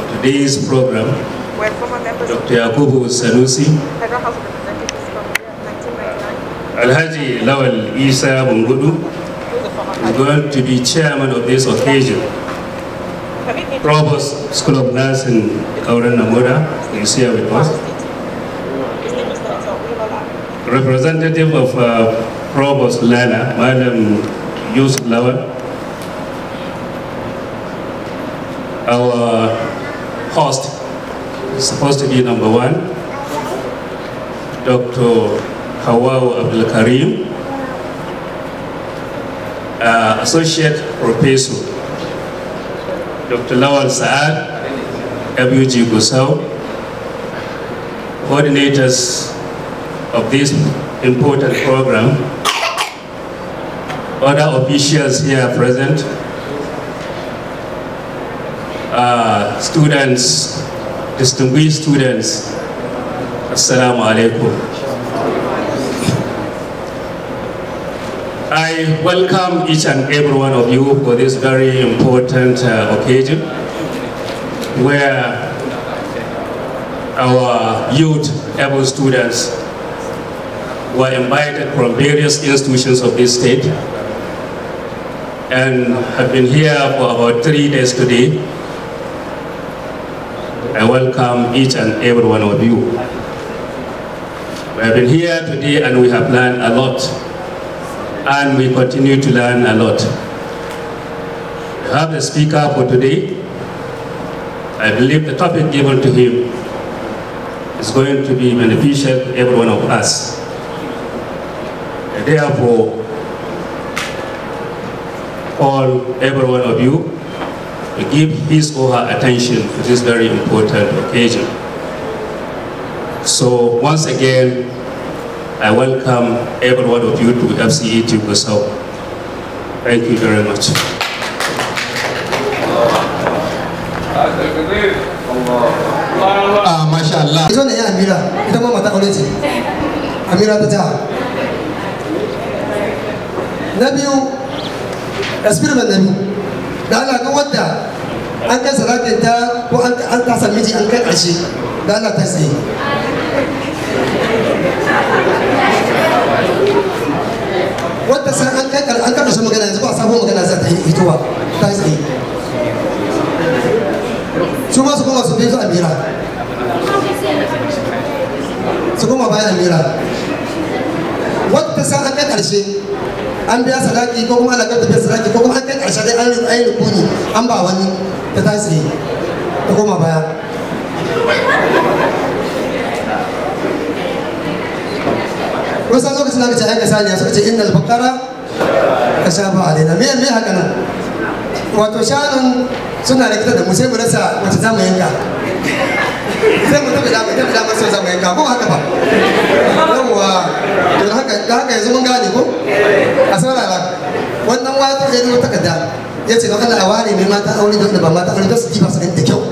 For today's program, Dr. Yakubu Sanusi, Alhaji Lawal Isa Bungudu is going to be chairman of this occasion. Provost School of Nursing, Kauran Namura, is here with us. Representative of uh, Provost Lana, Madam Yusuf Lawal. Our First, supposed to be number one. Dr. Hawaw Abdul Karim, uh, Associate Professor. Dr. Lawal Saad, WG Gusau, coordinators of this important program, other officials here present, uh, students, distinguished students, Assalamu alaikum. I welcome each and every one of you for this very important uh, occasion where our youth able students were invited from various institutions of this state and have been here for about three days today I welcome each and every one of you. We have been here today and we have learned a lot. And we continue to learn a lot. We have the speaker for today. I believe the topic given to him is going to be beneficial to every one of us. And therefore, all, every one of you to give his or her attention to this very important occasion. So once again, I welcome every one of you to FCE Guinea-Bissau. Thank you very much. Ah, mashallah. Amira. mata Amira da Allah ga wadda an kai salatin ta ko an ta sami ji an kai ƙarshe da Allah ta tsaye wadda sai an kai an kai ƙarshe magana yanzu ba sabon magana za ta yi fitowa ta tsaye su ma su koma su fito amira su koma bayan amira wadda sai an kai ƙarshe an biya sadaki ko kuma alaƙar tafiya sadaki ko kuma an kai ƙarshe dai an yi rukuni an ba wani ta tasiri ta koma baya kusan lokacin da aka ce ayyuka saniya suka ce innal bakara ka sha ba alaina me me haka nan wato shanun suna rikita da mu sai mu rasa wace za mu yanka sai mu tafi da mu tafi da mu sai zamu yanka ko haka ba yawwa to da haka da haka yanzu mun gane ko a saurara wannan wata ya zo takarda ya ce don Allah a ware mai mata aure don da ba mata aure don su ji ba su da kyau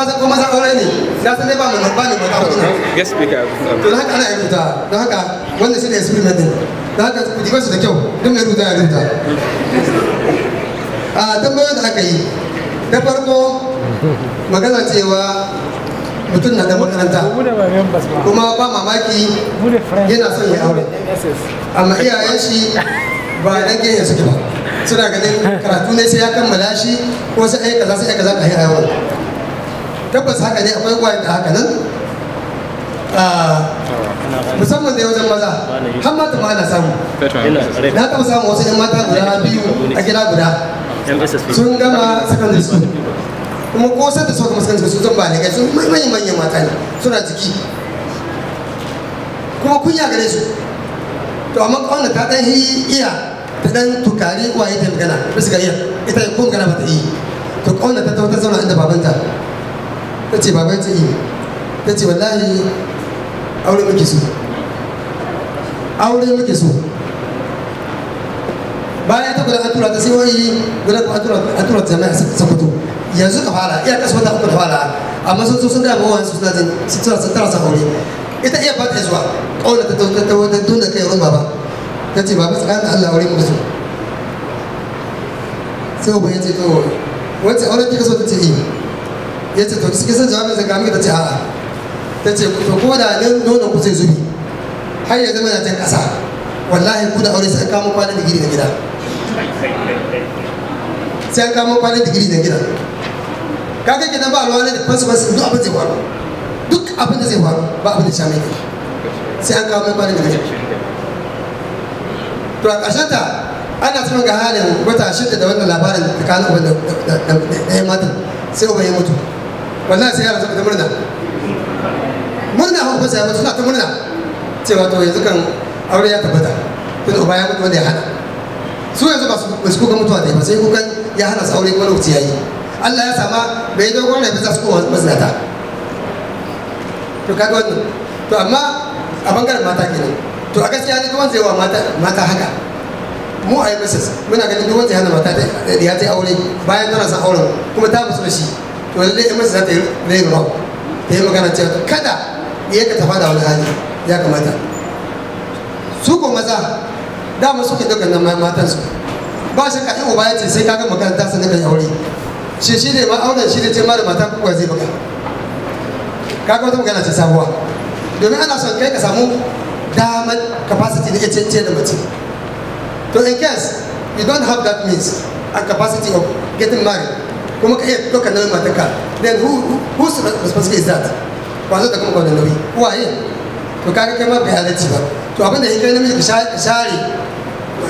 maza ko maza ba to da haka ana haka haka su da kyau don ya a da aka yi da farko magana cewa mutum na da makaranta kuma ba mamaki yana son ya aure amma iyayen shi ba dan ya suke ba suna ganin karatu ne sai ya kammala shi ko sai ai kaza sai ai kaza ka yi a yawa. tabbas haka ne akwai wani da haka nan ah, musamman da wajen maza har mata ma ana samu na taɓa samu wasu 'yan mata guda biyu a gida guda sun gama secondary school kuma ko sai da sauka muskanta su zan ba ne kai sun manyan manyan mata ne suna jiki kuma kunya gare su to amma kawai ta dan yi iya ta dan tukari uwaye ta magana bisa ga iya ita ko ba ta yi to kawai ta ta zauna inda babanta ta ce baba ta yi ta ce wallahi aure muke so aure muke so bayan ta gudan atura ta sai wani gudan atura ta mai sakwato yanzu ka fara iya kasu wata uku fara amma sun sun dama wani su suna sun tara san aure ita iya ba ta zuwa ƙauna ta tauta ta wata tun kai wurin baba ta ce baba tsakanin Allah aure muke so sai ubangi ce to wacce aure kika so ta ce iya ya ce tafi suke son jawabin zanga mai ta ce a'a ta ce to ko da nuna ku zai zubi har ya zama na jan ƙasa wallahi ku da aure sai an kamo kwanan digiri na gida sai an kamo kwanan digiri na gida ka ga gidan ba ruwa ne da fasu fasu duk abin zai faru duk abin da zai faru ba abin da sha mai sai an kama kwanan digiri to a ƙarshen ta ana tuna ga halin wata shida da wannan labarin tsakanin da yi matan sai uban ya mutu wallahi sai yaran suka ta murna murna hau fasa yaran suna ta murna cewa to yanzu kan aure ya tabbata tun uba ya mutu wanda ya hana su yanzu ba su kuka mutuwa da ba sai kukan ya hana su aure kuma lokaci ya yi Allah ya sama bai dogon rai fasa za su kowa mazinata to kaga wannan to amma a bangaren mata kenan to a gaskiya ne duwan zai wa mata haka mu a yi muna ganin duwan zai hana mata da ya ta aure bayan tana son auren kuma ta musu da shi to lalle ya masu zata ta yi rain rock ta yi magana cewa kada ya ka tafa da wani hali ya kamata su ko maza dama suke ɗaukar nan matan su ba shi ka ɗan uba ya ce sai ka ga makaranta sannan ka yi aure shi shi ne ma auren shi ne ce ma da mata kuka zai baka kaga wata magana ce sabuwa domin ana son kai ka samu damar capacity na iya cece da mace to in case you don't have that means and capacity of getting married kuma ka iya ɗaukar nauyin matarka then who who's responsible is that wanzu da kuma kwanan nauyi waye to kaga kai ma bai halarci ba to abinda ya kai namiji ka share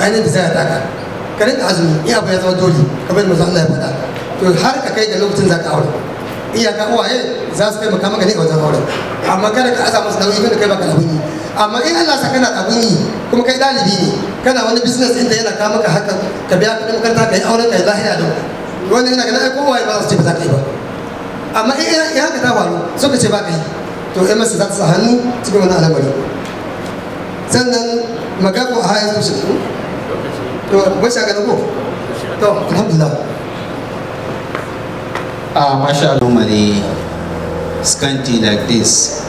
ainihin da zai taka ka rinka azumi in abu ya zama dole kamar yadda Allah ya faɗa to har ka kai da lokacin za ka aure iyaka uwaye za su taimaka makamaka ne a wajen aure amma kada ka aza musu nauyi kada kai baka abin yi amma in Allah sa kana abin yi kuma kai ɗalibi ne kana wani business inda yana kawo maka haka ka biya kuɗin makaranta ka yi aure ka yi lahira da wanda yana ganin kowa ya ba su ce ba za ka yi ba amma in ya haka ta faru suka ce ba ka yi to ya masu za ta sa hannu cikin wani al'amari sannan magako a hayan tushe to wacce ga ko to alhamdulillah ah masha Allah mari scanty like this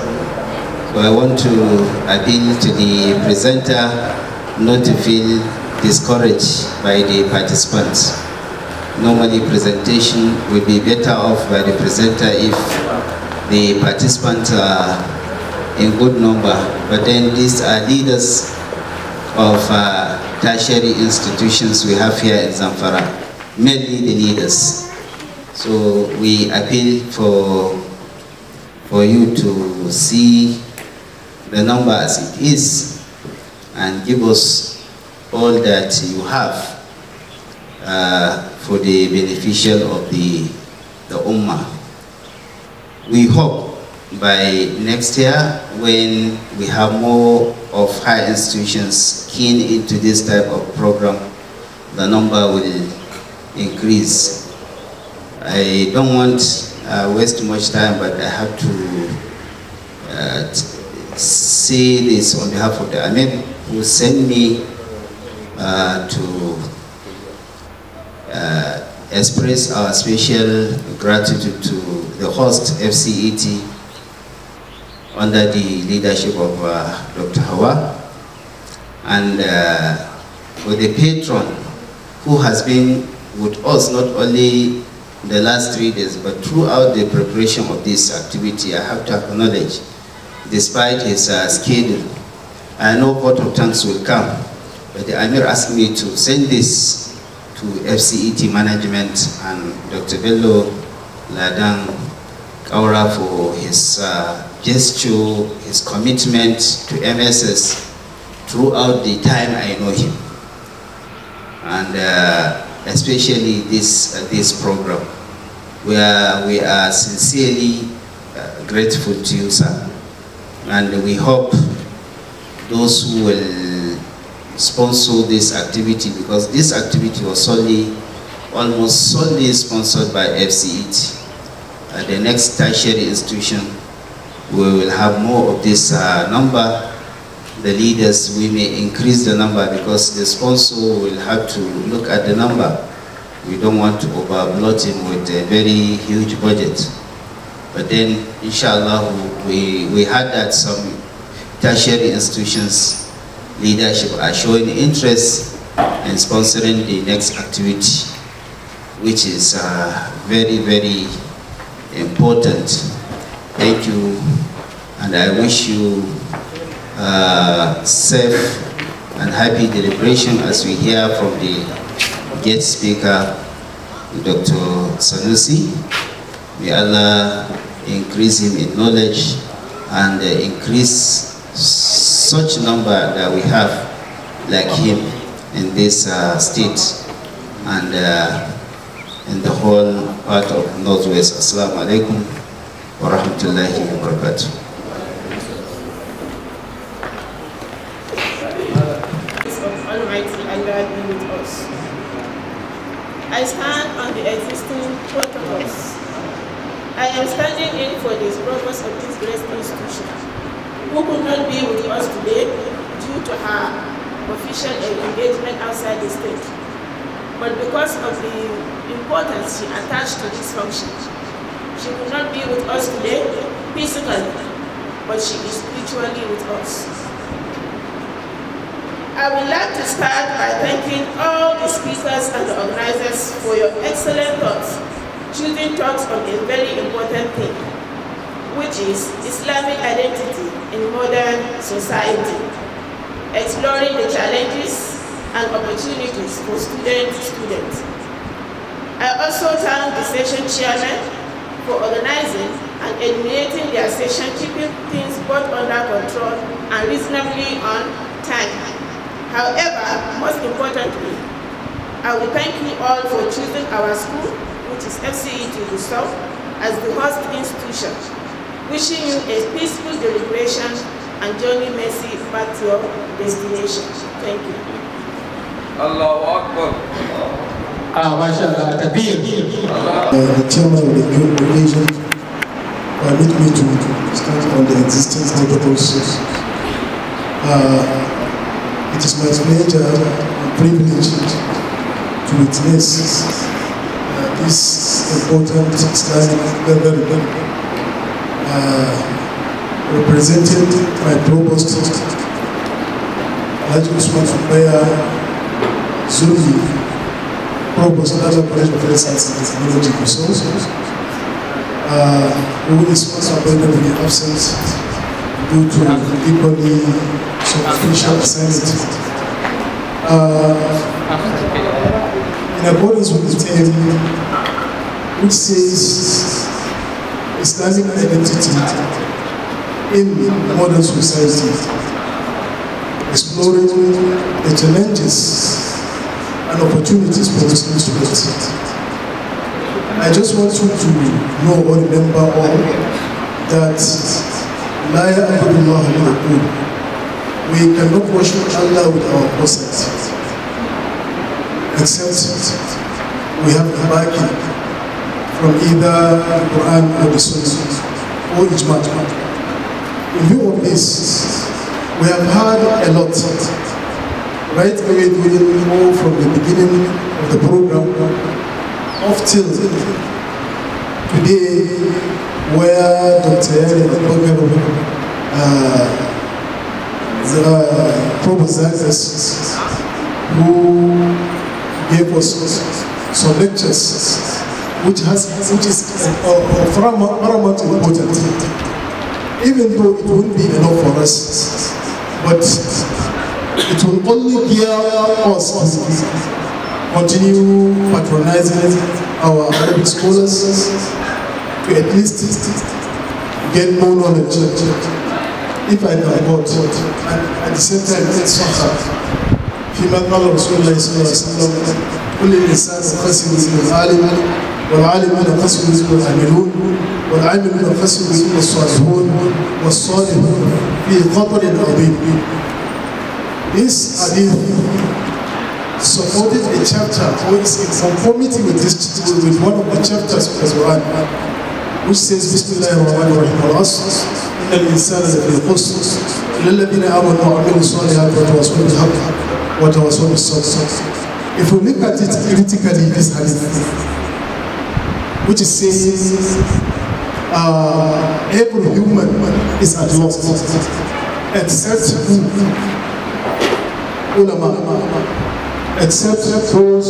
so i want to appeal to the presenter not to feel discouraged by the participants normally presentation will be better off by the presenter if the participants are in good number. But then these are leaders of uh, tertiary institutions we have here in Zamfara, mainly the leaders. So we appeal for, for you to see the number as it is and give us all that you have uh, for the beneficial of the, the Ummah. We hope by next year when we have more of higher institutions keen into this type of program, the number will increase. I don't want uh, waste much time, but I have to uh, say this on behalf of the Amir who sent me uh, to uh, express our special gratitude to the host FCET under the leadership of uh, Dr. Hawa and with uh, the patron who has been with us not only the last three days, but throughout the preparation of this activity, I have to acknowledge, despite his uh, schedule, I know vote of thanks will come, but the Amir asked me to send this to FCET management and Dr. Bello Ladang Kaura for his uh, gesture, his commitment to MSS throughout the time I know him. And uh, especially this, uh, this program, where we are sincerely uh, grateful to you, sir. And we hope those who will sponsor this activity because this activity was solely, almost solely sponsored by FCET. At the next tertiary institution, we will have more of this uh, number. The leaders, we may increase the number because the sponsor will have to look at the number. We don't want to overbloat him with a very huge budget. But then, inshallah, we, we had that some tertiary institutions leadership are showing interest in sponsoring the next activity, which is uh, very, very important. Thank you, and I wish you uh, safe and happy deliberation as we hear from the guest speaker, Dr. Sanusi. May Allah increase him in knowledge and uh, increase such number that we have like him in this uh, state and uh, in the whole part of Northwest. Assalamu alaikum wa rahmatullahi wa barakatuh. I stand on the existing protocols. I am standing in for the purpose of this great institution who could not be with us today due to her official engagement outside the state. But because of the importance she attached to this function, she could not be with us today physically, but she is spiritually with us. I would like to start by thanking all the speakers and the organizers for your excellent thoughts, choosing talks on a very important thing, which is Islamic identity in modern society, exploring the challenges and opportunities for students students. I also thank the session chairman for organizing and eliminating their session, keeping things both under control and reasonably on time. However, most importantly, I will thank you all for choosing our school, which is FCE to South, as the host institution Wishing you a peaceful deliberation and journey mercy back to your destination. Thank you. Allahu Akbar. Ah, mashallah, Kabir. Uh, the chairman of the Youth Division permit me to start on the existence digital sources. Uh, it is my pleasure and privilege to witness uh, this important standing gathering uh, represented by Provost Alhaji Usman Fumbaya Zulfi, Provost National College of Health Sciences and Technology Resources, uh, who is also the absence due to equally superficial sanity. Uh, in accordance with the term, which says Islamic identity in modern society, exploring the challenges and opportunities for to students. I just want you to know or remember all that Laya Abdullah we cannot worship Allah with our process. Except we have the backing from either the Quran or the Sunnah or Ijma. In view of this, we have heard a lot. Right away during all from the beginning of the program up till today where Dr. Yari Abubakar uh, uh proposed us who gave us some lectures which has which is uh, paramount important. Even though it won't be enough for us, but it will only gear us to continue patronizing our Arabic scholars to at least get more knowledge if I can God. And at the same time, let's not فيما قال رسول الله صلى الله عليه وسلم كل الإنسان فاسد عالم والعالمون قسم رزق العاملون والعاملون قسم رزق الصالحون والصالحون في قدر عظيم. This hadith supported a chapter which is in conformity with, this, with one of the chapters of the Quran, which says, Bismillah ar-Rahman ar-Rahim al-Asr, إن الإنسان لفي قسر إلا الذين آمنوا وعملوا الصالحات وتواصوا بالحق وتواصوا بالصبر. If we look at it critically, this hadith which says uh, every human is at loss except ulama, except those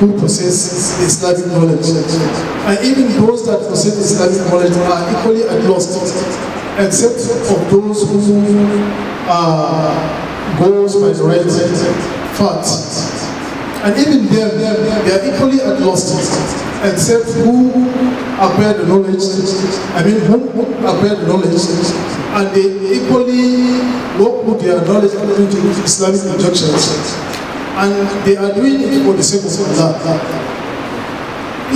who possess Islamic knowledge. And even those that possess Islamic knowledge are equally at loss, except for those who uh, goes by the right fact. And even them, they are equally at loss. except who acquired the knowledge, I mean who acquired the knowledge, and they equally work with their knowledge according to Islamic injunctions, and they are doing it for the sake of Allah.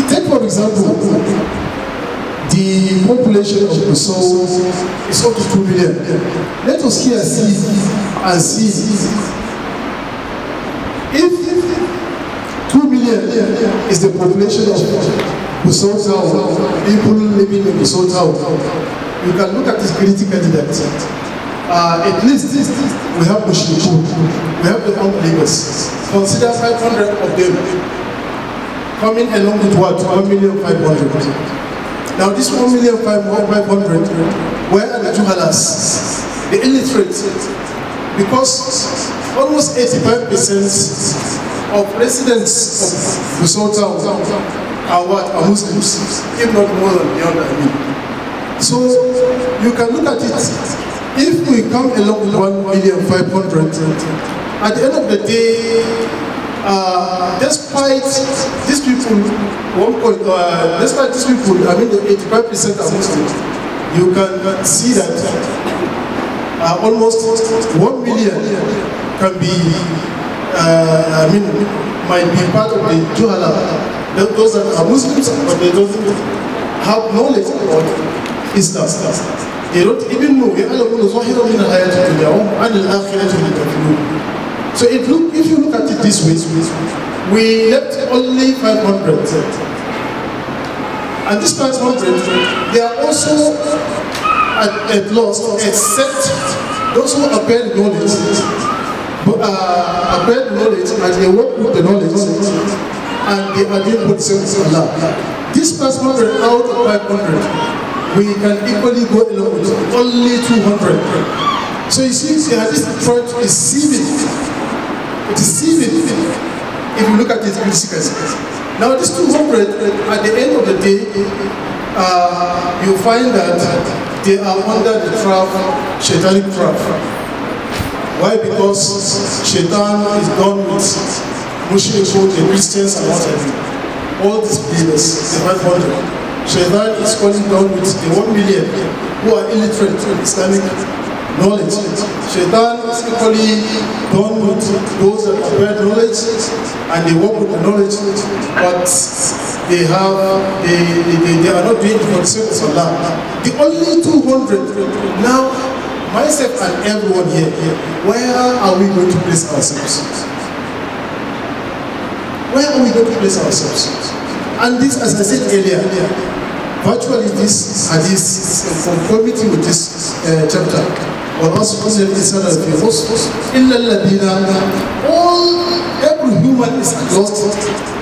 Take for example, the population of the soul is up to 2 million. Let us here see and see if is the population of Busotau, people living in Busotau. You can look at this critically that uh, at least this, this, we have Bushiku, we have the unbelievers. Consider 500 of them coming along with what? 1 million 500. Now this 1 million 500, where are the juhalas? The illiterate. Because almost 85% of residents of Gusau town are what are Muslims, if not more than the other. So you can look at it. If we come along one million five hundred, at the end of the day, uh, despite these people, one point, uh, despite these people, I mean, eighty-five percent are Muslims. You can see that uh, almost one million can be uh, I mean, might be part of the Juhala. Those that are Muslims, but they don't have knowledge about Islam. They don't even know. So look, if you look at it this way, we left only 500. And this 500, they are also at, at loss, except those who apparent knowledge uh, applied knowledge and they work with the knowledge and they are dealing put service of love. This past 100 out of 500, we can equally go along with only 200. So you see, the hadith tried to deceive it. Deceive If you look at it critically. Now this 200, at the end of the day, uh, you find that they are under the trap, shaitanic trap. Why? Because Shaitan is done with Mushrikun, the Christians, and what All these believers, the 500. Shaitan is calling down with the 1 million who are illiterate in Islamic knowledge. Shaitan is equally done with those that acquired knowledge and they work with the knowledge, but they have they, they, they are not doing it for the sake of Allah. The only 200 now myself and everyone here, where are we going to place ourselves? Where are we going to place ourselves? And this, as I said earlier, virtually this this in conformity with this uh, chapter. all every human is lost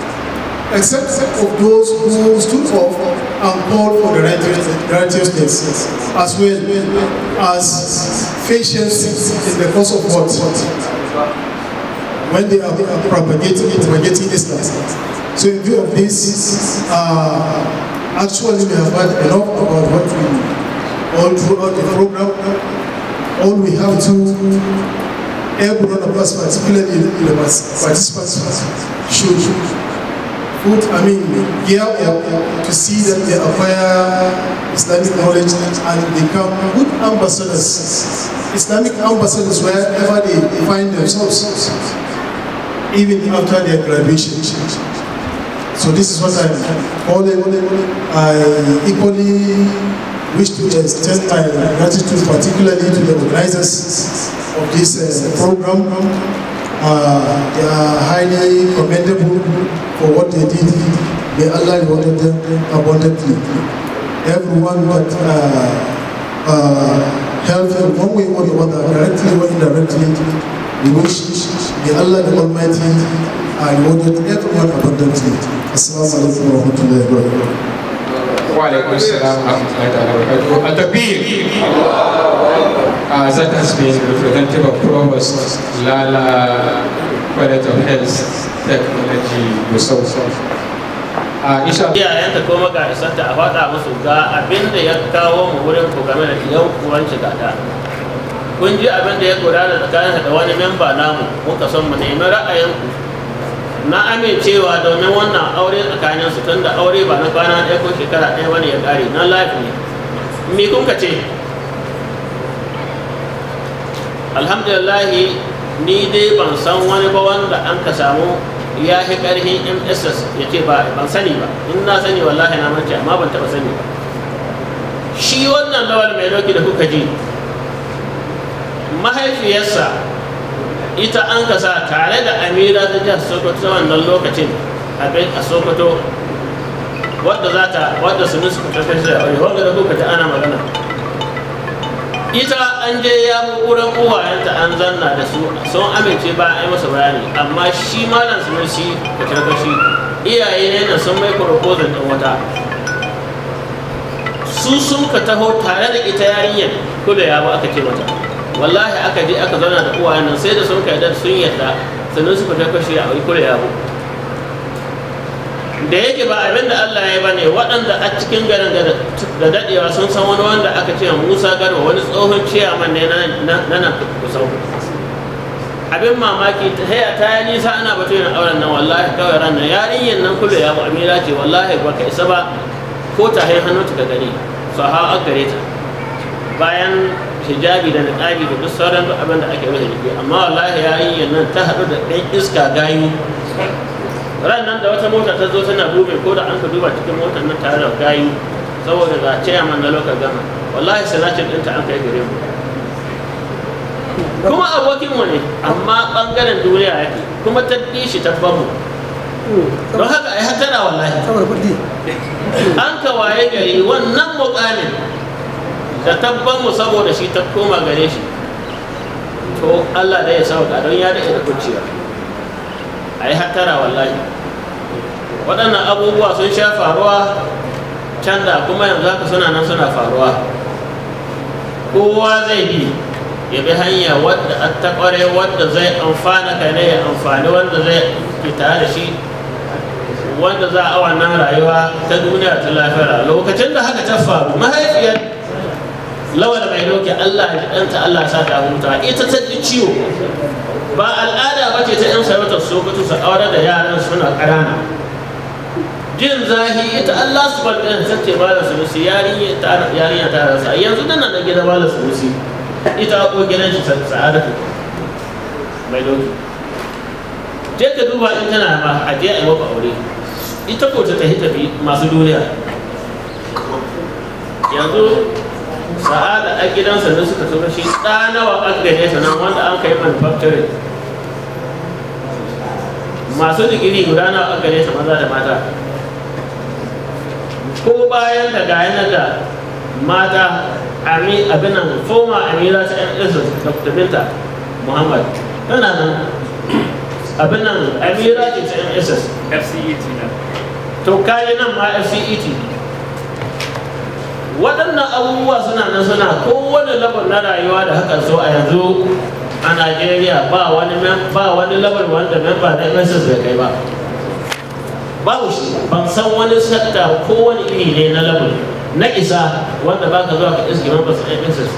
except of those who stood up and called for the righteousness, as well as patience in the course of what? When they are propagating, propagating Islam. So in view of this, uh, actually we have had enough about what we all throughout the program. All we have to one of us, particularly the participants, should put, I mean, gear up to see that they acquire Islamic knowledge and become good ambassadors, Islamic ambassadors wherever they find themselves, even after their graduation. So this is what I'm calling. I equally wish to extend my gratitude particularly to the organizers of this uh, program uh, they are highly commendable for what they did. May Allah reward them abundantly. Everyone that uh, uh, helped in one way or the other, directly or indirectly, we wish may Allah the Almighty uh, rewarded everyone abundantly. Assalamu alaikum wa rahmatullahi wa barakatuh. وعليكم السلام ورحمة الله تعالى وبركاته التكبير Uh, that has been representative of Provost Lala College of Health Technology Resource. Uh, ah, iyayenta ko magarisanta a faɗa musu ga abinda ya kawo mu wurin ku game da yan uwanci gada kun ji abinda ya ya da tsakaninsa da wani memba namu muka san mu nemi ra'ayinku na amincewa domin wannan aure tsakanin su da aure ba na kwana ɗaya ko shekara ɗaya wani ya ƙare na life ne me kun ka ce alhamdulillah ni dai ban san wani ba wanda an ka samu ya fi ƙarfin mss ya ce ba ban sani ba in na sani wallahi na mance amma ban taɓa sani ba shi wannan lawal mai roki da kuka ji mahaifiyarsa ita an kasa tare da amira ta jihar sokoto ta wannan lokacin a sokoto wadda za ta wadda sunan suka a wani wanda da kuka ta ana magana ita an je ya fi wurin uwayenta an zanna da su sun amince ba a yi masa bayani amma shi malam sunan shi ka iyaye ne na sun mai proposal din wata su sun ka taho tare da ita yarinyar kula ya ba aka ce mata wallahi aka je aka zauna da uwayen nan sai da sun kai da sun yadda sannan suka kai kashi a wuri kure yabo da yake ba abin da Allah ya bane waɗanda a cikin garin da dadewa sun san wani wanda aka ce Musa Garba wani tsohon ciyaman ne na nan kusan abin mamaki ta haya ta yi nisa ana batu yin auren nan wallahi kawai ran nan yarinyar nan kula ya amira ce wallahi ba ka isa ba ko ta hai hannu ta gani so ha an gare ta bayan hijabi da niqabi da duk sauran duk abin da ake mana jiki amma wallahi yarinyar nan ta haɗu da ɗan iska gayu ran nan da wata mota ta zo tana dube ko da an ka duba cikin motar nan tare da gayu saboda za ce man na lokacin gama wallahi sanacin ɗinta an kai gare mu kuma abokinmu ne amma ɓangaren duniya yake kuma ta shi ta babu hmm, don haka ai hatara wallahi an ka waye gari wannan mukamin da tabban mu saboda shi ta koma gare shi to Allah da ya sauka don ya dace da kuciya a yi hattara wallahi waɗannan abubuwa sun sha faruwa can da kuma yanzu haka suna nan suna faruwa kowa zai bi ya bi hanya wadda an ta wadda zai amfana ka ne ya amfani wanda zai fita da shi wanda za a wannan rayuwa ta duniya ta lafiya lokacin da haka ta faru mahaifiyar lawal mai doke Allah ya ɗanta Allah ya sa ta huta ita ta ji ciwo ba al'ada ba ce ta 'yan sarautar sokoto su aure da yaran suna ƙarana jin zahi ita Allah su bar ɗin sace ba da sulusi yarinya ta rasa yanzu tana da gida ba da sulusi ita ko gidan shi sa'adatu mai doki je ka duba in tana ma a je a yi maka aure ita ko ta tafi tafi masu duniya yanzu sa'ada a gidansa ne suka tura shi tsanawa aka gaje sanan wanda an kai manufacturing masu digiri guda nawa aka gaje maza da mata ko bayan da ga yana da mata ami abinan foma amira ta yan isu dr binta muhammad tana nan abinan amira ke ta yan isu fcet na to kayi nan ma fcet waɗannan abubuwa suna nan suna kowane labar na rayuwa da haka so a yanzu a najeriya ba wani ba wani labar wanda memba na mss bai kai ba babu shi ban san wani sakta ko wani iri ne na labar na isa wanda baka zuwa ka iske members su mss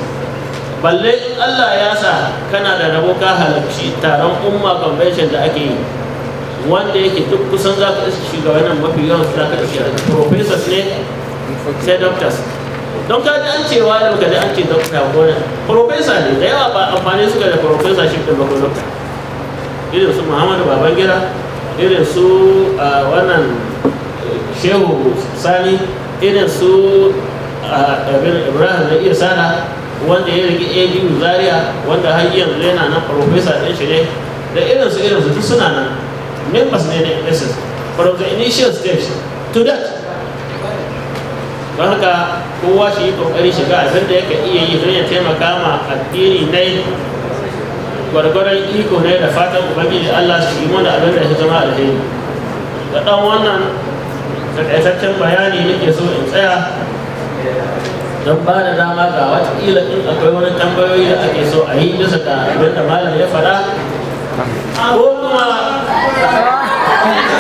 balle in allah ya sa kana da rabo ka halarci taron umma convention da ake yi wanda yake duk kusan za ka iske shugabannin mafi yawan su za ka iske professors ne sai doctors don ka ji an ce wa da ji an ce da ko gona profesa ne da yawa ba amfani suka da profesa shi da bako dokta irin su muhammadu babangira irin su wannan shehu sani irin su ibrahim na iya sana wanda ya rigi adu zaria wanda har yanzu yana nan profesa ɗin shi ne da irin su irin su suna nan members ne na ss from the initial steps to that don haka kowa shi yi kokari shiga abin da yake iya yi don ya taimaka ma addini na gwargwaron iko ne da fatan ubangiji allah su yi mana abin da ya zama alheri da ɗan wannan takaitaccen bayani nake so in tsaya don ba da dama ga watakila in akwai wani tambayoyi da ake so a yi bisa ga abin da malam ya faɗa ko kuma